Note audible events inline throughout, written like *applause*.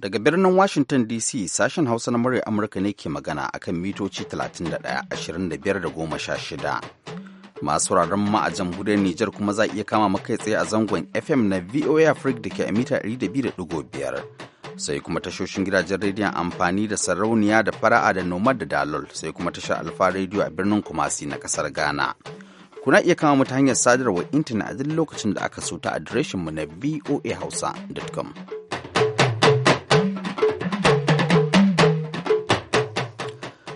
Daga birnin Washington DC sashen Hausa na murya Amurka ne ke magana akan mitoci 31, 25 da 16. Masu wuraren ma'ajan a Nijar kuma za iya kama makai tsaye a zangon FM na VOA Africa da ke a mita 200.5. Sai kuma tashoshin gidajen rediyon amfani da sarauniya da fara'a da nomad da dalol sai kuma tashar alfa rediyo a birnin Kumasi na kasar Ghana. Kuna iya kama mu ta hanyar sadarwar intanet a duk lokacin da aka so ta adireshinmu na voahausa.com.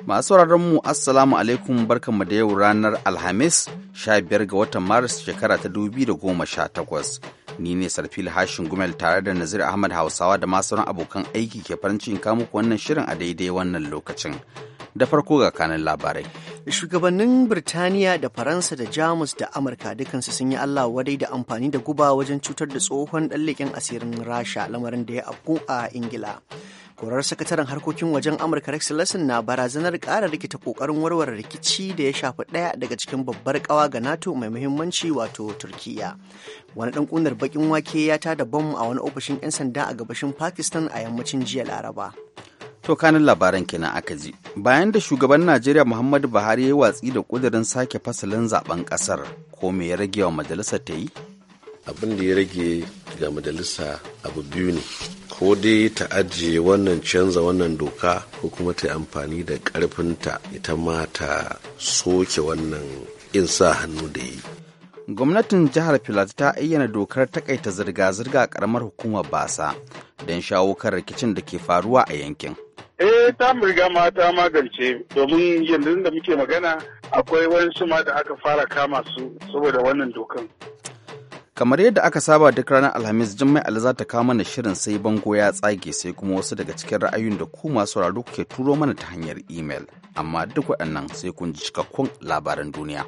Masu mu Assalamu alaikum barkanmu da yau ranar Alhamis sha biyar ga watan Maris shekara ta goma sha takwas, Ni ne Sarfil Hashin Gumel tare da Nazir Ahmad Hausawa da masu abokan aiki ke farin cikin kamuku wannan shirin a daidai wannan lokacin. da farko ga kanan labarai. Shugabannin Birtaniya da Faransa da Jamus da Amurka dukansu sun yi Allah wadai da amfani da guba wajen cutar da tsohon ɗan leƙen asirin Rasha lamarin da ya afku a Ingila. korar sakataren harkokin wajen amurka rex lesson na barazanar kara rikita ƙoƙarin warware rikici da ya shafi ɗaya daga cikin babbar ƙawa ga nato mai muhimmanci wato turkiya wani dan kunar bakin wake ya tada bom a wani ofishin 'yan sanda a gabashin pakistan a yammacin jiya laraba To kanin labaran kenan aka ji. Bayan da shugaban Najeriya Muhammadu Buhari ya watsi da kudirin sake fasalin zaben kasar, ko me ya rage wa majalisa ta yi? Abin da ya rage ga majalisa abu biyu ne. ko dai ta ajiye wannan canza wannan doka ko kuma ta yi amfani da ƙarfinta ita ma ta soke wannan in sa hannu da yi gwamnatin jihar Filata ta ayyana dokar takaita zirga-zirga a karamar hukumar basa don shawo kan rikicin da ke faruwa a yankin eh ta riga mata magance domin yanzu da muke magana akwai wani ma da aka fara kama su saboda wannan dokan kamar yadda aka saba duk ranar alhamis jummai ali za ta kawo mana shirin sai bango ya tsage sai kuma wasu daga cikin ra'ayoyin da ku masu sauraro ke turo mana ta hanyar imel amma duk waɗannan sai kun ji cikakkun labaran duniya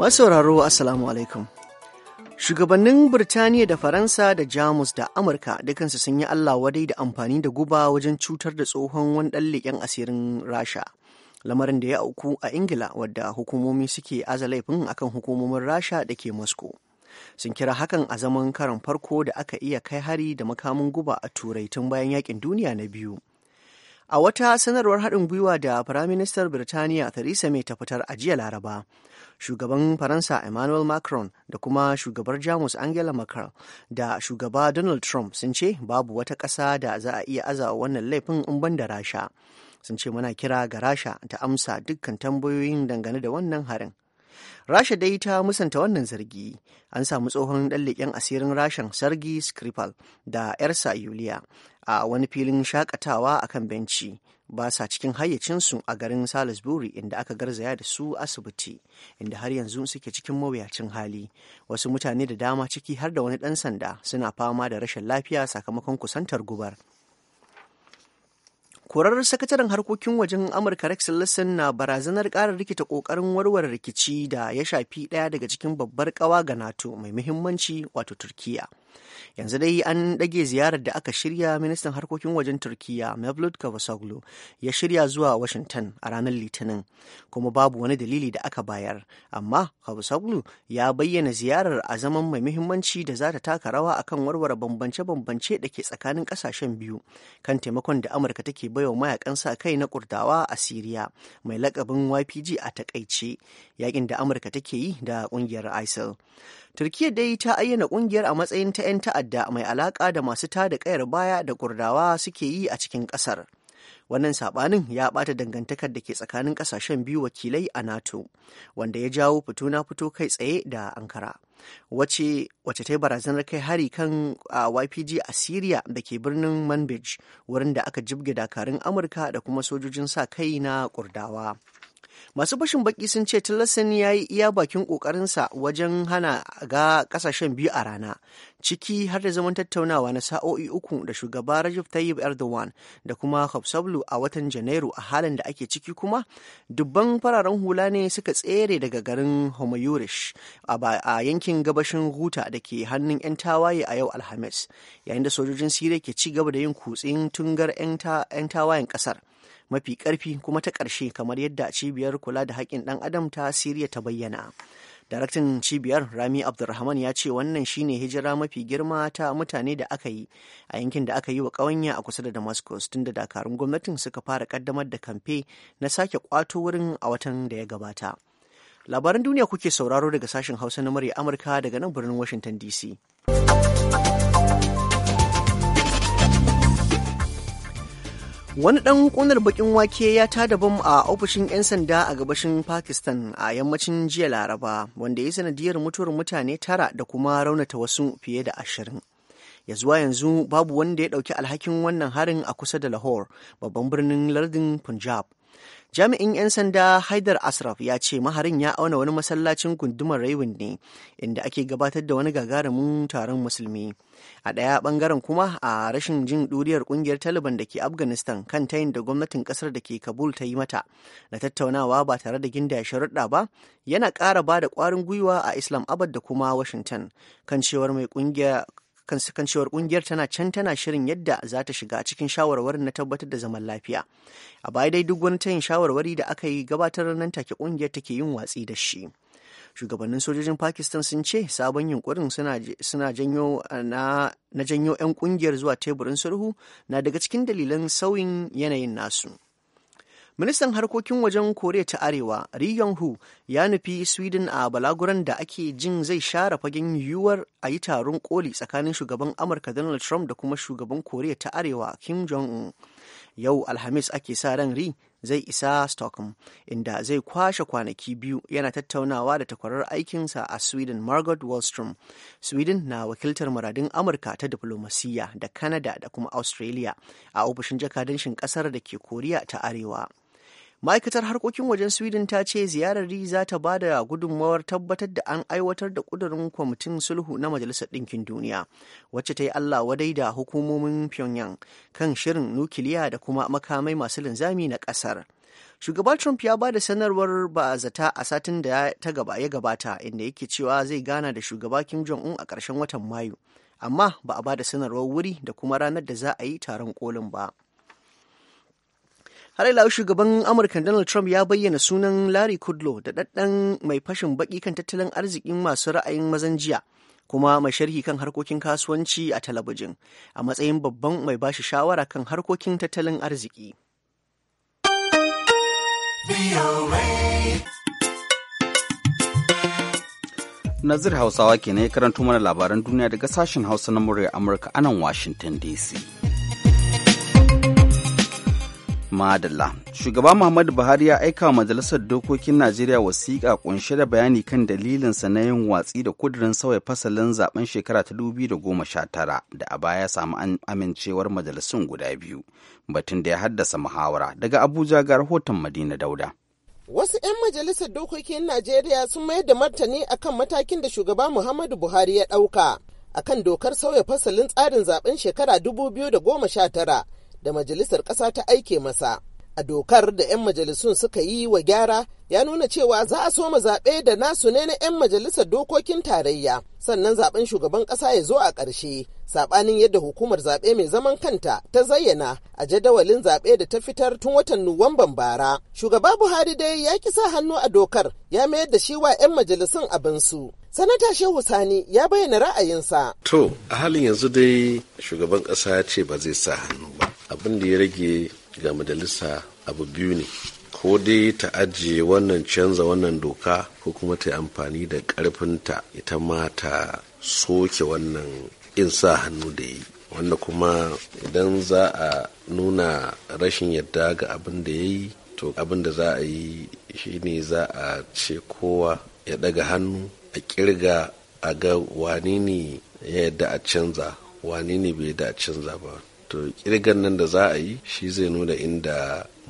masu sauraro asalamu alaikum Shugabannin Birtaniya da Faransa da Jamus da Amurka dukansu sun yi Allah wadai da amfani da guba wajen cutar da tsohon wani ɗan leƙen asirin Rasha. lamarin da ya auku a ingila wadda hukumomi suke aza laifin akan hukumomin rasha da ke moscow sun kira hakan a zaman karan farko da aka iya kai hari da makamin guba a turai tun bayan yakin duniya na biyu a wata sanarwar haɗin gwiwa da firaministar birtaniya theresa may ta fitar a jiya laraba shugaban faransa emmanuel macron da kuma shugabar jamus angela merkel da shugaba donald trump sun ce babu wata ƙasa da za a iya aza wannan laifin in ban da rasha sun ce muna kira ga rasha ta amsa dukkan tambayoyin dangane da wannan harin rasha dai ta musanta wannan zargi an samu tsohon ɗan asirin rashan sargi skripal da yarsa yuliya a wani filin shakatawa akan benci ba sa cikin hayyacinsu a garin salisbury inda aka garzaya da su asibiti inda har yanzu suke cikin mawuyacin hali wasu mutane da dama ciki har da wani ɗan sanda suna fama da rashin lafiya sakamakon kusantar gubar korar sakataren harkokin wajen amurka rex tillerson na barazanar ƙara rikita ƙoƙarin warware rikici da ya shafi ɗaya daga cikin babbar ƙawa ga nato mai muhimmanci wato turkiya yanzu dai an ɗage ziyarar da aka shirya ministan harkokin wajen turkiya mevlut cavusoglu ya shirya zuwa washington a ranar litinin kuma babu wani dalili da aka bayar amma cavusoglu ya bayyana ziyarar a zaman mai muhimmanci da za ta taka rawa akan warware bambance-bambance da ke tsakanin ƙasashen biyu kan taimakon da amurka take baiwa mayakan sa kai na kurdawa a siriya mai lakabin ypg a takaice yakin da amurka take yi da ƙungiyar isil Turkiyya dai ta ayyana kungiyar a matsayin ta 'yan ta'adda mai alaƙa da masu ta da ƙayar baya da Kurdawa suke yi a cikin ƙasar. wannan sabanin ya bata dangantakar da ke tsakanin kasashen biyu wakilai a nato wanda ya jawo fito na fito kai tsaye da ankara wace wace ta barazanar kai hari kan a ypg a syria da ke birnin manbij wurin da aka jibge dakarun amurka da kuma sojojin sa kai na kurdawa masu bashin baki sun ce tillerson ya yi iya bakin kokarinsa wajen hana ga kasashen biyu a rana ciki har da zaman tattaunawa na sa'o'i uku da shugaba Rajab Tayyip Erdogan da kuma Hafsablu a watan Janairu a halin da ake ciki kuma dubban fararen hula ne suka tsere daga garin Homayurish a yankin gabashin Huta da ke hannun 'yan tawaye a yau Alhamis yayin da sojojin Siriya ke ci gaba da yin kutsin tungar 'yan tawayen kasar. mafi ƙarfi kuma ta ƙarshe kamar yadda cibiyar kula da haƙƙin ɗan adam ta siriya ta bayyana daraktan cibiyar rami abdulrahman ya ce wannan shine hijira mafi girma ta mutane da aka yi a yankin da aka yi wa ƙawanya a kusa da damascus tun da dakarun gwamnatin suka fara ƙaddamar da kamfe na sake ƙwato wurin a watan da ya gabata labaran duniya kuke sauraro daga sashen hausa na murya amurka daga nan birnin washington dc Wani ɗan ƙunar baƙin wake ya ta daban a ofishin 'yan sanda a gabashin Pakistan a yammacin jiya Laraba, wanda ya sanadiyar mutuwar mutane tara da kuma raunata wasu fiye da ashirin. Ya zuwa yanzu babu wanda ya ɗauki alhakin wannan harin a kusa da Lahore, babban birnin lardin Punjab, jami'in 'yan sanda haidar asraf ya ce maharin ya auna wani masallacin gundumar raiwin ne inda ake gabatar da wani gagarumin taron musulmi a ɗaya ɓangaren kuma a rashin jin ɗuriyar ƙungiyar taliban da ke afghanistan kan tayin da gwamnatin ƙasar da ke kabul ta yi mata na tattaunawa ba tare da gindaya sharuɗa ba yana ƙara ba da ƙwarin gwiwa a islam abad da kuma washington kan cewar mai ƙungiya kan cewar kungiyar tana can tana shirin yadda za ta shiga cikin shawarwarin na tabbatar da zaman lafiya a baya dai duk wani tayin shawarwari da aka yi gabatar nan take kungiyar take yin watsi da shi shugabannin sojojin pakistan sun ce sabon yunkurin suna janyo eh, na janyo 'yan kungiyar zuwa teburin sulhu na daga cikin dalilan sauyin yanayin nasu Ministan harkokin wajen Koriya ta Arewa, Ri Yong-hu, ya nufi Sweden a balaguran da ake jin zai share fagen yiwuwar a yi taron koli tsakanin shugaban Amurka Donald Trump da kuma shugaban Koriya ta Arewa Kim Jong-un. Yau Alhamis ake sa ran Ri zai isa Stockholm, inda zai kwashe kwanaki biyu yana tattaunawa da takwarar aikinsa a Sweden Margot Wallström. Sweden na wakiltar muradin Amurka ta diflomasiyya da Canada da kuma Australia a ofishin jakadancin ƙasar da ke Koriya ta Arewa. ma'aikatar harkokin wajen sweden ta ce ziyarar ri za ta ba da gudunmawar tabbatar da an aiwatar da kudurin kwamitin sulhu na majalisar ɗinkin duniya wacce ta yi allah wadai da hukumomin pyongyang kan shirin nukiliya da kuma makamai masu linzami na ƙasar shugaba trump ya ba da sanarwar ba zata a satin da ta gaba ya gabata inda yake cewa zai gana da shugaba kim jong un a ƙarshen watan mayu amma ba a ba da sanarwar wuri da kuma ranar da za a yi taron kolin ba har ila shugaban amurka donald trump ya bayyana sunan larry kudlow da ɗaɗɗan mai fashin baki kan tattalin arzikin masu ra'ayin mazan jiya kuma mai sharhi kan harkokin kasuwanci a talabijin a matsayin babban mai bashi shawara kan harkokin tattalin arziki Nazir Hausawa ke ne karanto mana labaran duniya daga sashen Hausa na murya Amurka anan Washington DC. Madalla. Shugaba Muhammadu Buhari ya aika Majalisar Dokokin Najeriya wasiƙa kunshe da bayani kan dalilinsa na yin watsi da kudirin sauya fasalin zaben shekara ta 2019 da a baya samu amincewar majalisun guda biyu. Batun da ya haddasa muhawara daga Abuja ga rahoton Madina Dauda. Wasu 'yan majalisar dokokin Najeriya sun mayar da martani akan matakin da shugaba Muhammadu Buhari ya ɗauka akan dokar sauya fasalin tsarin zaben shekara dubu biyu da sha tara. da majalisar ƙasa ta aike masa. A dokar da 'yan majalisun suka yi wa gyara ya nuna cewa za a soma zaɓe da nasu ne na 'yan majalisar dokokin tarayya sannan zaɓen shugaban ƙasa ya zo a ƙarshe saɓanin yadda hukumar zaɓe mai zaman kanta ta zayyana a jadawalin zaɓe da ta fitar tun watan Nuwamban bara. Shugaba Buhari dai ya ki sa hannu a dokar ya mayar da shi wa 'yan majalisun abinsu. sanata shehu sani ya bayyana ra'ayinsa to a halin yanzu dai shugaban ƙasa ya ce ba zai sa hannu ba abin da ya rage ga majalisa abu biyu ne ko dai ta ajiye wannan canza wannan doka ko kuma ta yi amfani da ƙarfinta ita ma ta soke wannan in sa hannu da yi wanda kuma idan za a nuna rashin yadda ga abin da ya yi to abin da za a yi shine za a ce kowa ya daga hannu a kirga a ga wani ne ya yadda a canza wani ne bai yadda a canza ba to kirgan nan da za a yi shi zai nuna inda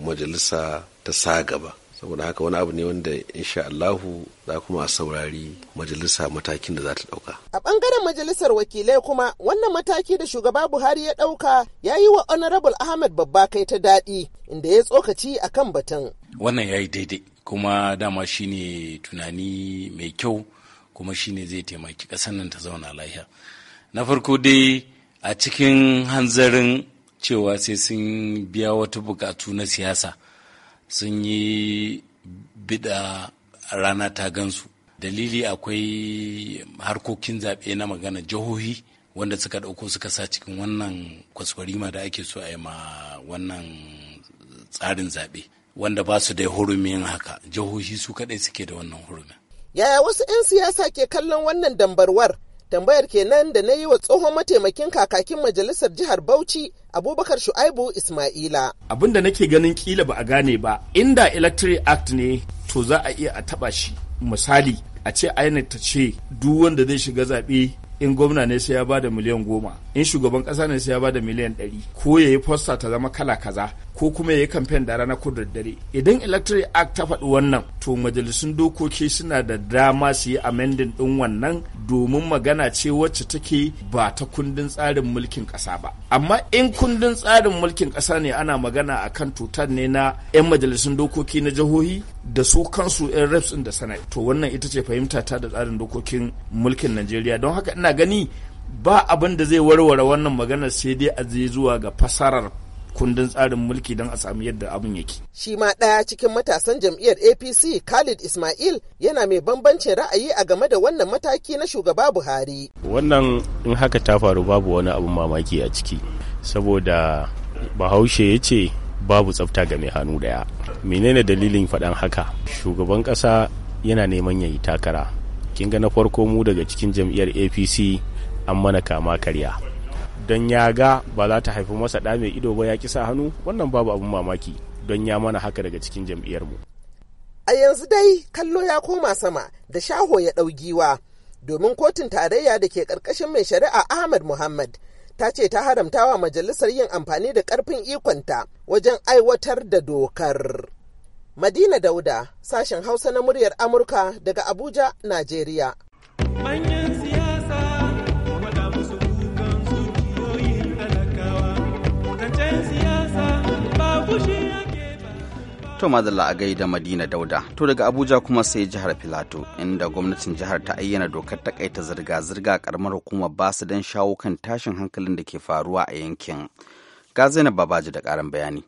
majalisa ta sa gaba saboda haka wani abu ne wanda insha Allahu za kuma a saurari majalisa matakin da za ta dauka. A bangaren majalisar wakilai kuma wannan mataki da shugaba Buhari ya dauka ya yi wa Honorable ahmed babba kai ta daɗi inda ya tsokaci a kan batun. Wannan ya yi daidai kuma dama shine tunani mai kyau kuma shine zai taimaki ƙasar nan ta zauna lafiya. Na farko dai a cikin hanzarin cewa sai sun biya wata bukatu na siyasa sun yi bida rana ta gansu dalili akwai harkokin zaɓe na magana jihohi wanda suka ɗauko suka sa cikin wannan kwaskwarima da ake so a yi ma wannan tsarin zaɓe wanda ba su da hurumin haka jihohi su kaɗai suke da wannan hurumin yaya wasu 'yan siyasa ke kallon wannan dambarwar Tambayar kenan da na yi wa tsohon mataimakin kakakin majalisar jihar Bauchi Abubakar Shu'aibu Ismaila. Abin da nake ganin kila ba a gane ba, inda Electric Act ne to za a iya a taba shi. Misali, a ce INEC ta ce duk wanda zai shiga zaɓe in gwamna ne sai ya ba da miliyan goma in shugaban ƙasa ne sai ya ba da miliyan ɗari ko ya yi fosta ta zama kala kaza ko kuma ya yi kamfen da rana ko daddare idan electoral act ta faɗi wannan to majalisun dokoki suna da dama su yi amending ɗin wannan domin magana ce wacce take ba ta kundin tsarin mulkin ƙasa ba amma in kundin tsarin mulkin ƙasa ne ana magana a kan tutar ne na 'yan majalisun dokoki na jihohi da su kansu 'yan reps da sanai to wannan ita ce fahimta ta da tsarin dokokin mulkin najeriya don haka ina gani ba abin da zai warware wannan maganar sai dai a zai zuwa ga fasarar kundin tsarin mulki don a samu yadda abin yake. Shi ma ɗaya cikin matasan jam'iyyar APC Khalid Ismail yana mai bambancin ra'ayi a game da wannan mataki na shugaba Buhari. Wannan in haka ta faru babu wani abin mamaki a ciki saboda Bahaushe ya ce babu tsafta ga mai hannu daya. Menene dalilin faɗan haka? Shugaban ƙasa yana neman ya yi takara. Kin ga na farko mu daga cikin jam'iyyar APC an mana kama karya. don ya ga ba za ta haifi masa ɗa mai ido ba ya kisa hannu wannan babu abin mamaki don ya mana haka daga cikin mu. A yanzu dai kallo ya koma sama da shaho ya ɗau giwa domin kotun tarayya da ke ƙarƙashin mai shari'a Ahmad Muhammad ta ce ta haramtawa majalisar yin amfani da ƙarfin ikonta wajen aiwatar da dokar. Madina Dauda, sashen Hausa na muryar Amurka daga Abuja, Najeriya. Manya. To madalla a da Madina Dauda. To daga Abuja kuma sai jihar Filato inda gwamnatin jihar ta ayyana dokar takaita zirga-zirga karamar hukumar basu don shawo kan tashin hankalin da ke faruwa a yankin. Ga Zainab Babaji da karin bayani.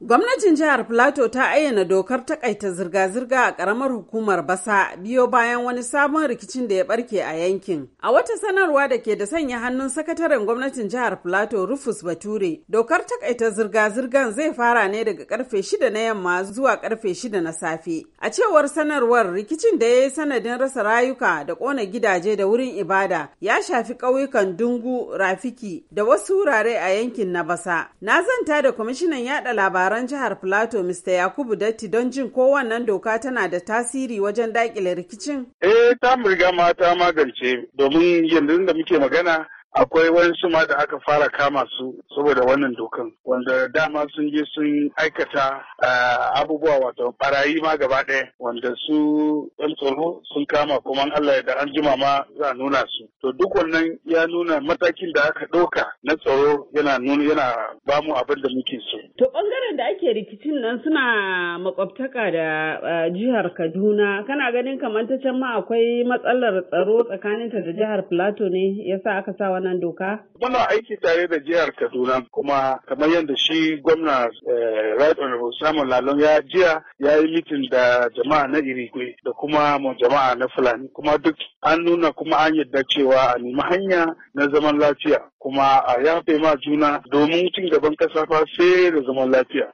Gwamnatin jihar Filato ta ayyana dokar takaita zirga-zirga a ƙaramar hukumar basa biyo bayan wani sabon rikicin da ya barke a yankin. A wata sanarwa da ke da sanya hannun sakataren gwamnatin jihar Filato Rufus Bature, dokar takaita zirga-zirgan zai fara ne daga karfe shida na yamma zuwa karfe shida na safe. A cewar sanarwar rikicin da ya yi sanadin rasa rayuka da ƙona gidaje da wurin ibada ya shafi ƙauyukan Dungu, Rafiki da wasu wurare a yankin na basa. Na zanta da kwamishinan yaɗa labarai taron jihar Plateau Mr. Yakubu Datti don jin ko wannan doka tana da tasiri wajen dakile rikicin? Eh, ta riga mata magance domin yanzu da muke magana akwai wasu ma da aka fara kama su saboda wannan dokan wanda dama sun je sun aikata abubuwa wato barayi ma gaba ɗaya wanda su ɗan tsoro sun kama kuma Allah da an jima ma za nuna su. To duk wannan ya nuna matakin da aka ɗauka na tsoro yana nuna yana ba mu abin da muke so. To ɓangaren da ake rikicin nan suna makwabtaka da jihar Kaduna kana ganin kamar ta can ma akwai matsalar tsaro tsakaninta da jihar Plateau ne yasa aka sa wannan doka? Muna aiki tare da jihar Kaduna kuma kamar yadda shi gwamna eh, Right Honorable Simon Lalon ya jiya ya yi mitin da jama'a na Irigwe da kuma mu jama'a na Fulani kuma duk an nuna kuma an yadda cewa a nemi hanya na zaman lafiya kuma a yafe ma juna domin cin gaban kasa sai da zaman lafiya.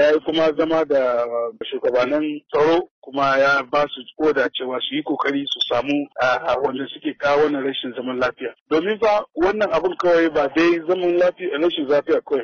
Ya yi kuma zama da shugabannin tsaro kuma ya ba su koda cewa su yi kokari su samu wanda suke kawo wannan rashin zaman lafiya. Domin fa wannan abin kawai ba dai zaman lafiya rashin lafiya kawai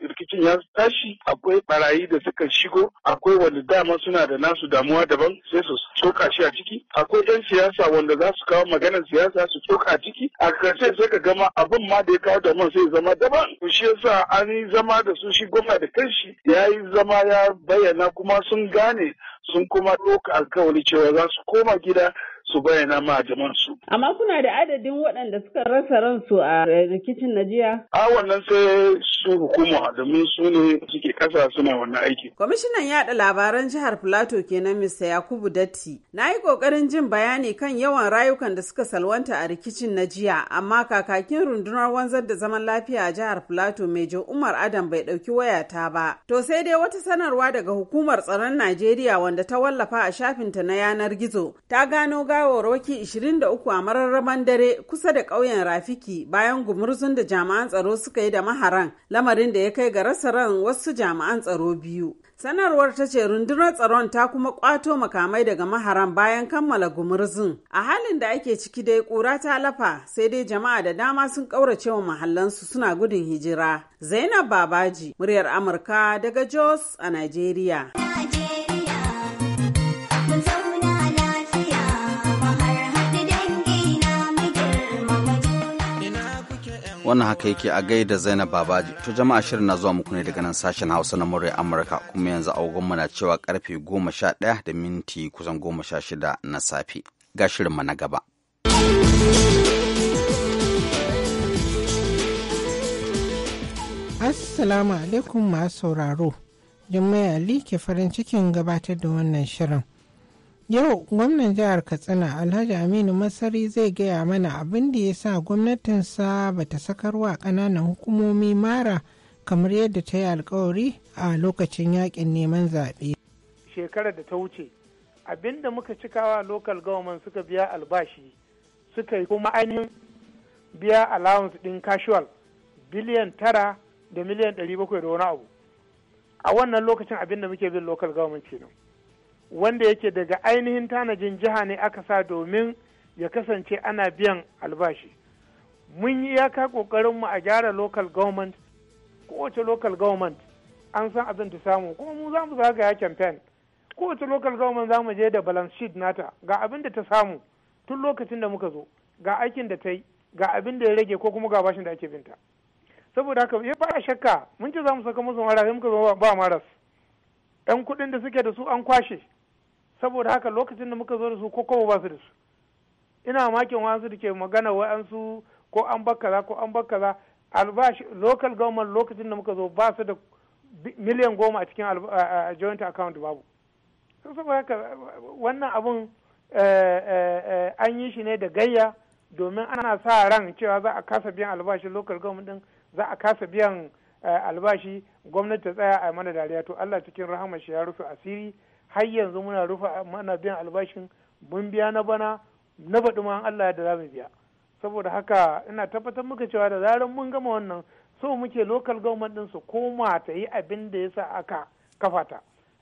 ba mutum ya tashi akwai barayi da suka shigo akwai wanda dama suna da nasu damuwa daban sai su soka shi a ciki akwai yan siyasa wanda za su kawo maganar siyasa su tsoka a ciki a karshe sai ka gama abin ma da ya kawo damuwa sai zama daban shi yasa an yi zama da su shi gwamna da kanshi ya yi zama ya bayyana kuma sun gane sun kuma ɗauka alkawari cewa za su koma gida su bayyana ma jaman su. Amma kuna da adadin waɗanda suka rasa ransu a eh, rikicin Najiya? A wannan sai su hukuma domin su ne suke kasa suna wannan aiki. Kwamishinan yaɗa labaran jihar Filato kenan Mr. Yakubu Datti. Na yi ƙoƙarin jin bayani kan yawan rayukan da suka salwanta a rikicin Najiya amma kakakin rundunar wanzar da zaman lafiya a jihar Filato Mejo Umar Adam bai ɗauki wayata ba. To sai dai wata sanarwa daga hukumar tsaron Najeriya wanda ta wallafa a shafinta na yanar gizo ta gano gawarwaki 23 a mararraban dare kusa da ƙauyen Rafiki bayan gumurzun da jami'an tsaro suka yi da maharan lamarin da ya kai ga rasa ran wasu jami'an tsaro biyu. Sanarwar ta ce rundunar tsaron ta kuma kwato makamai daga maharan bayan kammala gumurzun. A halin da ake ciki dai kura ta lafa sai dai jama'a da dama sun kaurace wa mahallansu suna gudun hijira. Zainab Babaji, muryar Amurka daga Jos a Najeriya. wannan haka yake a gaida zainab babaji to jama'a shirin na zuwa muku ne daga nan sashen hausa na murya amurka kuma yanzu mu na cewa karfe goma sha ɗaya da minti kusan goma sha shida na safe ga shirin mu na gaba assalamu alaikum masu sauraro jama'a ali ke farin cikin gabatar da wannan shirin Yau gwamnan jihar Katsina Alhaji Aminu Masari zai gaya mana abin da ya sa gwamnatinsa ba ta sakarwa ƙananan hukumomi mara kamar yadda ta yi alkawari a lokacin yakin neman zaɓe. Shekarar da ta wuce abin da muka cikawa local government suka biya albashi suka yi kuma ainihin biya allowance ɗin casual biliyan tara da miliyan ɗari bakwai da wani abu. A wannan lokacin abin da muke bin local government kenan. wanda yake daga ainihin tanajin jiha ne aka sa domin ya kasance ana biyan albashi mun yi kokarin mu a gyara local government kowace local government an san abin ta samu kuma mu za mu zagaya campaign kowace local government za mu je da balance sheet nata ga abin da ta samu tun lokacin da muka zo ga aikin da ta yi ga abin da ya rage ko kuma ga bashin da ake binta saboda haka ya eh, fara shakka mun ce za mu saka musu mara sai muka zo ba maras yan kuɗin da suke da su an kwashe saboda haka lokacin da muka zo da su ko kowa ba su da su ina makin wa'ansu da ke magana wa su ko an bakkaza ko an bakkaza albashi local government lokacin da muka zo ba su da miliyan goma a cikin joint account babu saboda haka wannan abun eh, eh, eh, an yi shi ne da gayya domin ana sa ran cewa za a kasa biyan albashi local government din za a kasa biyan albashi gwamnati ta tsaya a mana dariya to Allah cikin rahama shi ya rufe asiri har yanzu muna rufe mana biyan albashin mun biya na bana na baɗi ma Allah da za mu biya saboda haka ina tabbatar muka cewa da zarar mun gama wannan so muke local government din su koma ta yi abin da yasa aka kafa ta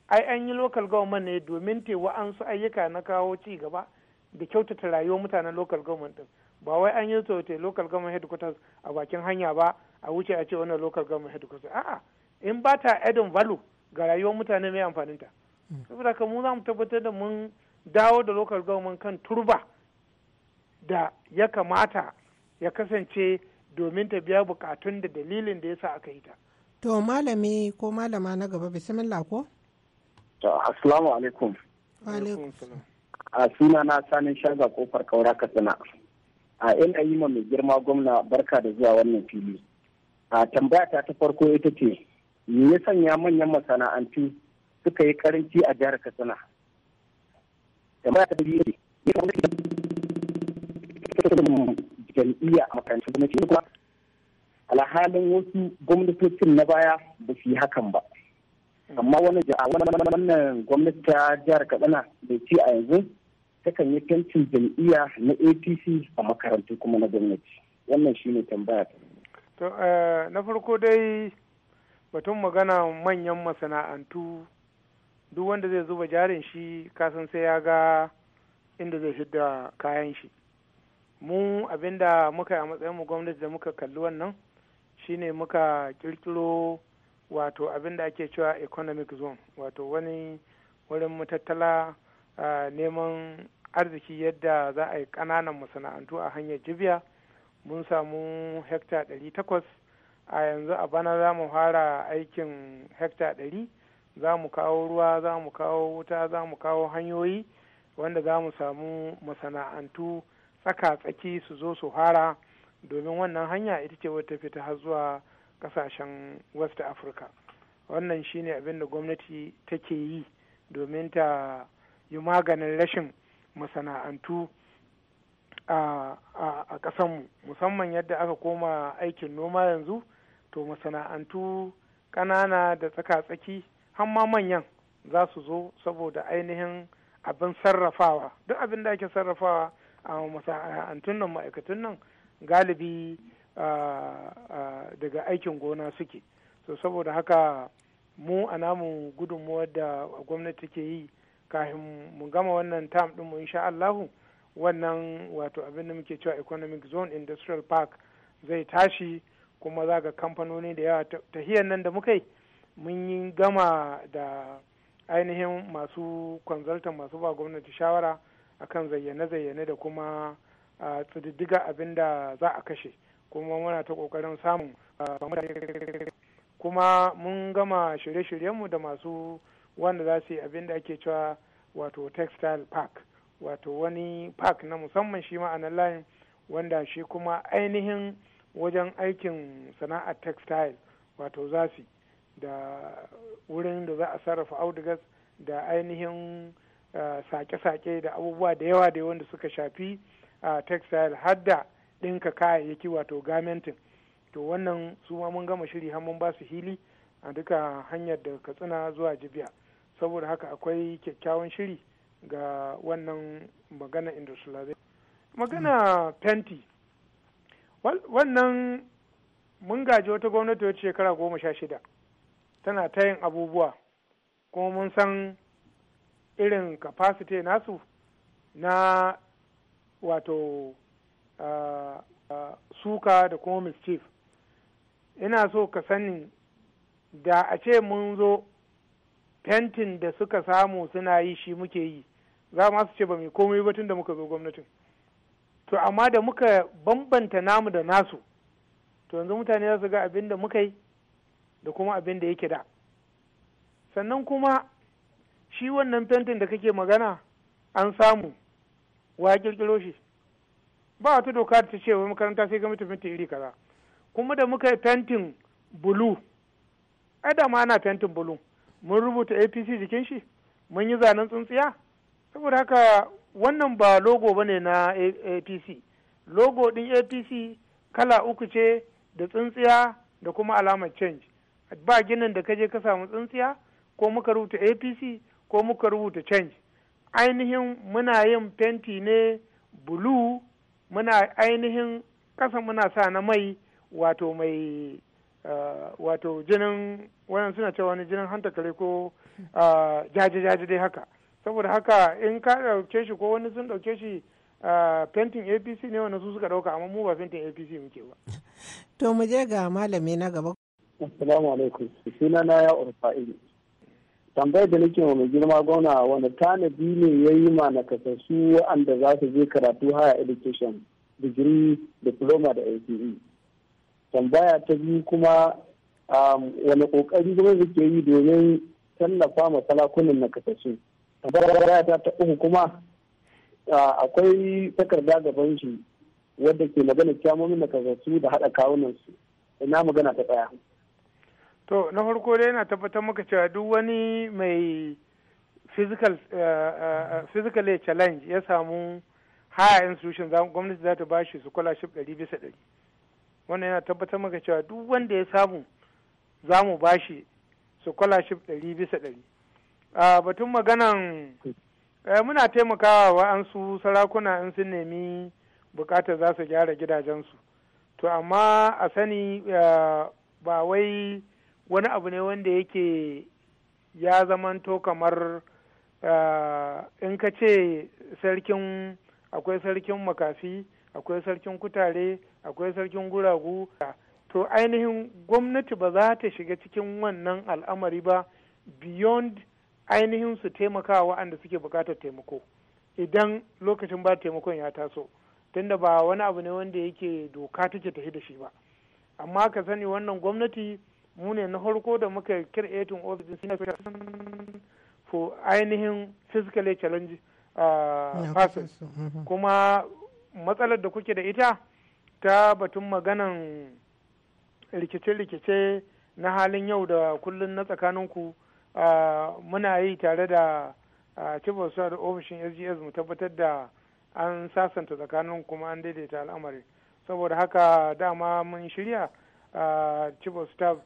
ai an yi local government ne domin te wa'ansu ayyuka na kawo ci gaba da kyautata rayuwar mutanen local government din ba wai an yi te local government headquarters a bakin hanya ba a wuce a ce wannan local government headquarters a'a in ba ta adding value ga rayuwar mutane mai amfaninta ta saboda ka mu za mu tabbatar da mun dawo da local government kan turba da ya kamata ya kasance domin ta biya bukatun da dalilin da ya sa aka yi ta to malami ko malama na gaba bismillah ko to assalamu alaikum wa alaikum a suna na sanin shaga kofar kaura katsina a ina yi ma mai girma gwamna barka da zuwa wannan fili a tambaya ta ta farko ita ce me ya sanya manyan masana'antu suka yi karanci a jihar katsina ne jam'iyya a makarantar gwamnati kuma alhalin wasu gwamnatocin na baya ba su yi hakan ba amma wani wannan gwamnati ta jihar katsina da ci a yanzu takan yi tantin jam'iyya na apc a makarantu kuma na gwamnati wannan shine tambaya ta to eh, na farko dai batun magana manyan masana'antu duk wanda zai zuba jarin shi kasan sai ya ga inda zai hidda kayan shi mu abinda muka yi a matsayin gwamnati da muka kalli wannan shine muka kirkiro wato abinda ake cewa economic zone wato wani wurin matattala neman arziki yadda za a yi ƙananan masana'antu a hanyar jibiya mun samu hekta 800 a yanzu a bana za mu fara aikin hekta 100 za mu kawo ruwa za mu kawo wuta za mu kawo hanyoyi wanda za mu samu masana'antu tsaka-tsaki su zo su fara domin wannan hanya ita ce wata fita har zuwa kasashen west africa wannan shine abin da gwamnati take yi domin ta yi maganin rashin masana'antu a ƙasanmu musamman yadda aka koma aikin noma yanzu to masana'antu ƙanana da tsaka-tsaki har ma manyan za su zo saboda ainihin abin sarrafawa duk abin da ake sarrafawa a masana'antun nan ma'aikatun nan galibi daga aikin gona suke so saboda haka mu a namu gudunmuwar da gwamnati ke yi kafin mu gama wannan tam din mu insha Allahu wannan wato abin da muke cewa economic zone industrial park zai tashi kuma za ga kamfanoni da yawa hiyan nan da muka yi mun yi gama da ainihin masu kwanzaltan masu ba gwamnati shawara akan zayyane-zayyane da kuma tsididdiga abin da za a kashe kuma muna ta kokarin samun kuma mun gama shirye-shiryenmu da masu wanda za su yi abin da ake cewa wato textile park wato wani park na musamman shi ma'anar layin wanda shi kuma ainihin wajen aikin sana'ar textile wato zasi da wurin da za a sarrafa audigas da ainihin uh, sake-sake da abubuwa da yawa da wanda suka shafi a uh, textile hadda ɗinka kayayyaki wato gamentin to wannan su ma mun gama shiri har mun ba su hili a duka hanyar da katsina zuwa jibiya saboda haka akwai kyakkyawan shiri ga wannan magana industrialization magana fenti wannan mun gaji wata gwamnati wata shekara goma sha shida tana ta yin abubuwa kuma mun san irin capacity nasu na wato uh, uh, suka da kuma mischief ina so ka sani da a ce mun zo fentin da suka samu suna yi shi muke yi za ma su ce ba mai komai ba tun da muka zo gwamnatin to amma da muka bambanta namu da nasu to yanzu mutane za su ga abin da muka yi da kuma abin da yake da sannan kuma shi wannan fentin da kake magana an samu wa kirkiro shi ba wata doka da ta ce wai makaranta sai gwamnati fenti iri kaza kuma da muka yi fentin bulu da ma ana fentin bulu mun rubuta apc jikin shi mun yi zanen tsuntsiya saboda haka wannan ba logo ba ne na apc logo din apc kala uku ce da tsuntsiya da kuma alamar change ba ginin da kaje ka samu tsintsiya ko muka rubuta apc ko muka rubuta change ainihin muna yin fenti ne bulu muna ainihin ƙasa muna sa na mai wato mai uh, wato jinin wannan suna cewa wani jinin hanta kare ko uh, jaje jaje dai haka saboda haka in ka ɗauke shi ko wani sun ɗauke shi uh, fentin apc ne wani su suka ɗauka amma mu ba fentin apc muke ba *laughs* to mu je ga malami na gaba Assalamu alaikum. Suna na ya Urfa'i. Tambayar da nake wa mai girma gwamna wani tanadi ne ya yi ma nakasassu wa'anda za su je karatu haya education digiri diploma da ACE. Tambaya ta bi kuma um, wani kokari gwamnati ke yi domin tallafa ma salakunan nakasassu. Tambaya ta ta uku kuma akwai takarda ga shi wadda ke magana kyamomin nakasassu da haɗa kawunansu Ina magana ta tsaya. to na farko dai yana tabbatar maka cewa duk wani mai physical eh, eh, eh, physical challenge ya samu higher institution gwamnati za ta ba shi scholarship ɗari bisa ɗari wannan yana tabbatar maka cewa duk wanda ya samu za mu ba shi scholarship ɗari bisa ɗari batun maganan muna taimakawa wa an su sarakuna in sun nemi bukatar za su gyara gidajensu to amma a sani ba wai wani abu ne wanda yake ya zamanto kamar eh, in ka ce sarkin akwai sarkin makafi akwai sarkin kutare akwai sarkin guragu to ainihin gwamnati ba za ta shiga cikin wannan al'amari ba beyond ainihin su taimaka waɗanda suke buƙatar taimako idan lokacin ba taimakon ya taso tunda ba wani abu ne wanda yake doka take tafi da shi ba amma ka sani wannan gwamnati mu ne na harko da muka creating office din senior for ainihin physically challenge person uh, mhm. kuma matsalar da kuke da ita ta batun maganan rikice-rikice na halin yau da kullum na tsakaninku uh, muna yi tare da uh, cibarsa da ofishin sgs mu tabbatar da an sasanta tsakanin kuma an daidaita al'amari saboda haka dama mun shirya su staff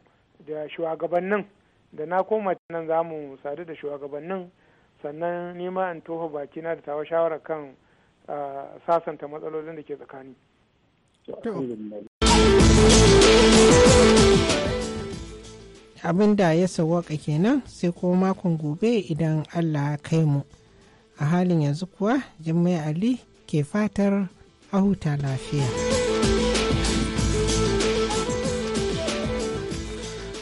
da shugabannin da na koma nan za mu sadu da shugabannin sannan nima in tofa bakina da tawa shawara kan sasanta matsalolin da ke tsakani. Abin da ya sawaka kenan sai ko makon gobe idan Allah kai mu. A halin yanzu kuwa Jummai Ali ke fatar a huta lafiya.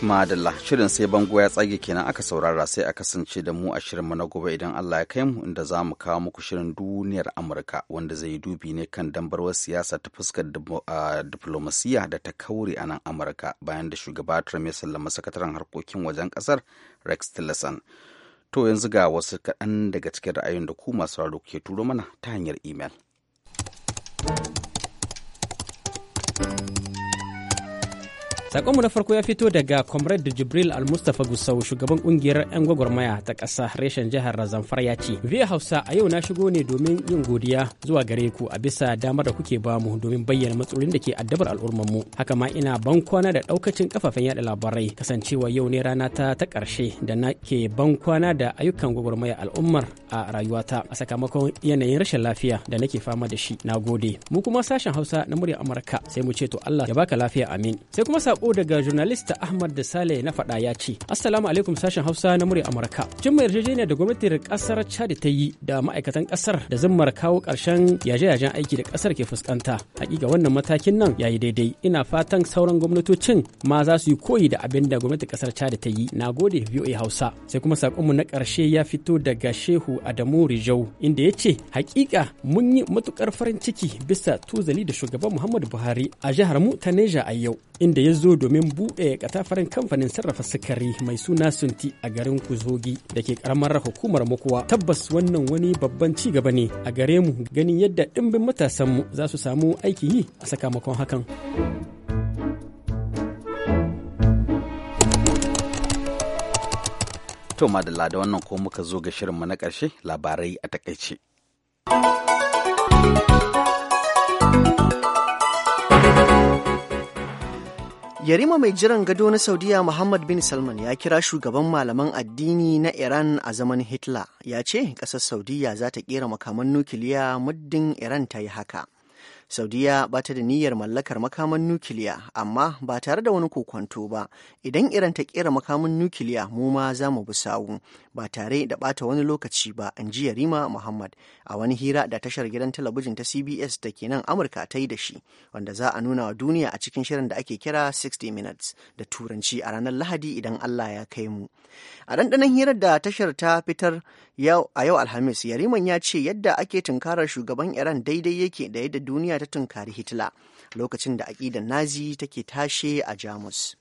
Madalla shirin sai bango ya tsage kenan aka saurara sai a kasance da mu a shirinmu na gobe idan Allah ya kai mu inda za mu kawo muku shirin duniyar Amurka wanda zai yi dubi ne kan dambarwar siyasa ta fuskar diplomasiya da ta kauri a nan Amurka bayan da shugaba Trump ya sallama sakataren harkokin wajen kasar Rex Tillerson. To yanzu ga wasu kaɗan daga cikin ra'ayin da ku masu sauraro ke turo mana ta hanyar imel. Sakonmu na farko ya fito daga Comrade Jibril al mustapha Gusau shugaban kungiyar 'yan gwagwarmaya ta ƙasa reshen jihar Zamfara ya ce, "Via Hausa a yau na shigo ne domin yin godiya zuwa gare ku a bisa damar da kuke bamu domin bayyana matsalolin da ke addabar al'ummarmu. Haka ma ina ban kwana da ɗaukacin kafafen yaɗa labarai kasancewa yau ne rana ta ta ƙarshe da nake ban kwana da ayyukan gwagwarmaya al'ummar a rayuwata a sakamakon yanayin rashin lafiya da nake fama da shi. Na gode. Mu kuma sashen Hausa na muryar Amurka sai mu ce to Allah ya baka lafiya amin. Sai kuma sako daga jurnalista Ahmad da Sale na faɗa ya ce, Assalamu alaikum sashen Hausa na murya Amurka. Jin yarjejeniya da gwamnatin ƙasar Chad ta yi da ma'aikatan ƙasar da zan mara kawo ƙarshen yaje-yajen aiki da ƙasar ke fuskanta. Hakika wannan matakin nan yayi daidai. Ina fatan sauran gwamnatocin ma za su yi koyi da abin da gwamnatin ƙasar Chad ta yi. Na gode VOA Hausa. Sai kuma sakonmu na ƙarshe ya fito daga Shehu Adamu Rijau inda ya ce, Hakika mun yi matukar farin ciki bisa tuzali da shugaban Muhammadu Buhari a jihar mu ta Neja a yau. inda ya zo domin buɗe katafaren kamfanin sarrafa sukari mai suna sunti a garin kuzogi da ke karamar hukumar mukuwa tabbas wannan wani babban ci gaba ne a gare mu ganin yadda ɗimbin matasanmu za su samu aiki yi a sakamakon hakan. To madalla da wannan ko muka zo ga shirin mu na ƙarshe labarai a takaice. Yarima mai jiran gado na Saudiya Muhammad bin Salman ya kira shugaban malaman addini na Iran a zaman Hitler, ya ce ƙasar Saudiya za ta ƙera makaman nukiliya muddin Iran ta yi haka. saudiya ba ta da niyyar mallakar makaman nukiliya amma ba tare da wani kokwanto ba idan iran ta kera makaman nukiliya mu ma za mu bi sawu ba tare da bata wani lokaci ba in ji yarima muhammad a wani hira da tashar gidan talabijin ta cbs da ke nan amurka ta yi da shi wanda za a nuna wa duniya a cikin shirin da ake kira 60 minutes da turanci a ranar lahadi idan allah ya kai mu a ɗanɗanon hirar da tashar ta fitar a yau alhamis yariman ya ce yadda ake tunkarar shugaban iran daidai yake da yadda duniya ta tunkari hitler lokacin da aƙidar nazi take tashe a jamus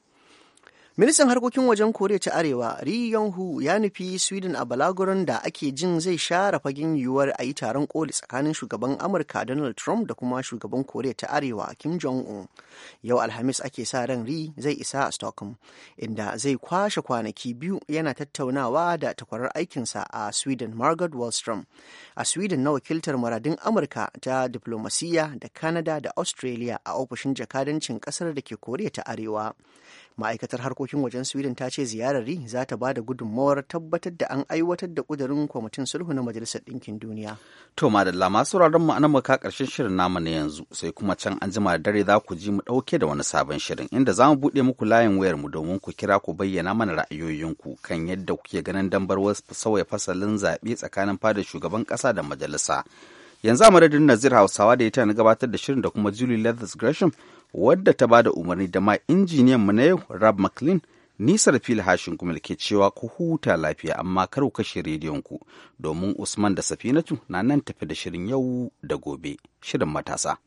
Ministan harkokin wajen Koriya ta Arewa Ri Yong-hu ya nufi Sweden a balaguron da ake jin zai share fagen yiwuwar a yi taron koli tsakanin shugaban Amurka Donald Trump da kuma shugaban Koriya ta Arewa Kim Jong-un. Yau Alhamis ake sa ran Ri zai isa a Stockholm inda zai kwashe kwanaki biyu yana tattaunawa da takwarar aikinsa a Sweden Margaret Wallström. A Sweden na wakiltar muradin Amurka ta diplomasiya da Canada da Australia a ofishin jakadancin kasar da ke Koriya ta Arewa. ma'aikatar harkokin wajen sweden ta ce ziyarari za ta ba da gudunmawar tabbatar da an aiwatar da kudurin kwamitin sulhu na majalisar ɗinkin duniya to madalla lama sauraron mu anan muka karshen shirin namu na yanzu sai kuma can an jima da dare za ku ji mu ɗauke da wani sabon shirin inda za mu buɗe muku layin wayar mu domin ku kira ku bayyana mana ra'ayoyinku kan yadda kuke ganin dambarwar sauya fasalin zaɓe tsakanin fadar shugaban ƙasa da majalisa yanzu a madadin nazir hausawa da ya tana gabatar da shirin da kuma julie leathers gresham wadda ta bada umarni da ma injiniyan mu na yau rab mclean nisar fili hashin kuma ke cewa ku huta lafiya amma kar ku kashe rediyon ku domin usman da safinatu na nan tafi da shirin yau da gobe shirin matasa